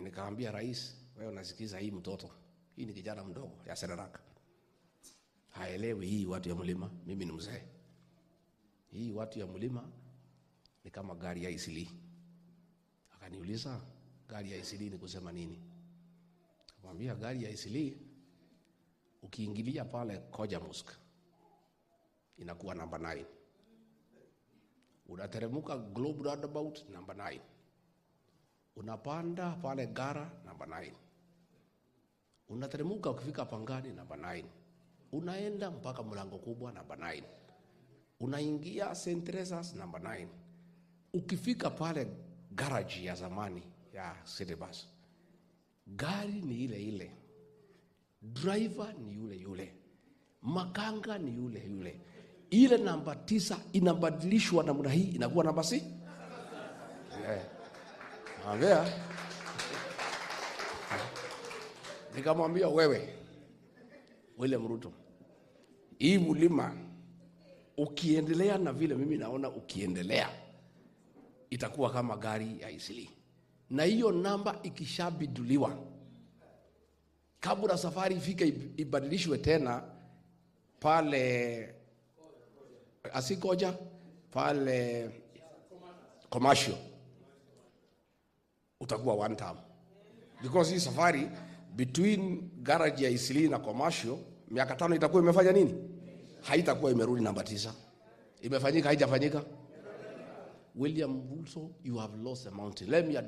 Nikaambia rais, wewe unasikiza hii mtoto. Hii ni kijana mdogo ya Seraraka. Haelewi hii watu ya mlima, mimi ni mzee. Hii watu ya mlima ni kama gari ya isili. Akaniuliza gari ya isili ni kusema nini? Akamwambia gari ya isili ukiingilia pale koja musk inakuwa namba 9. Unateremka globe roundabout namba 9 unapanda pale gara namba 9 unateremka ukifika pangani namba 9 unaenda mpaka mlango kubwa namba 9 unaingia St. Teresa's namba 9 ukifika pale garage ya zamani ya city bus gari ni ile ile driver ni yule yule makanga ni yule yule ile namba tisa inabadilishwa namna hii inakuwa namba si yeah. Ongea. Nikamwambia wewe William Ruto, hii mlima ukiendelea na vile mimi naona ukiendelea, itakuwa kama gari ya isili, na hiyo namba ikishabiduliwa, kabla safari ifike ibadilishwe tena pale asikoja pale commercial utakuwa one term because hii safari between garage ya Isili na commercial miaka tano itakuwa imefanya nini? Haitakuwa imerudi namba tisa. Imefanyika haijafanyika? William Ruto, you have lost a mountain. Let me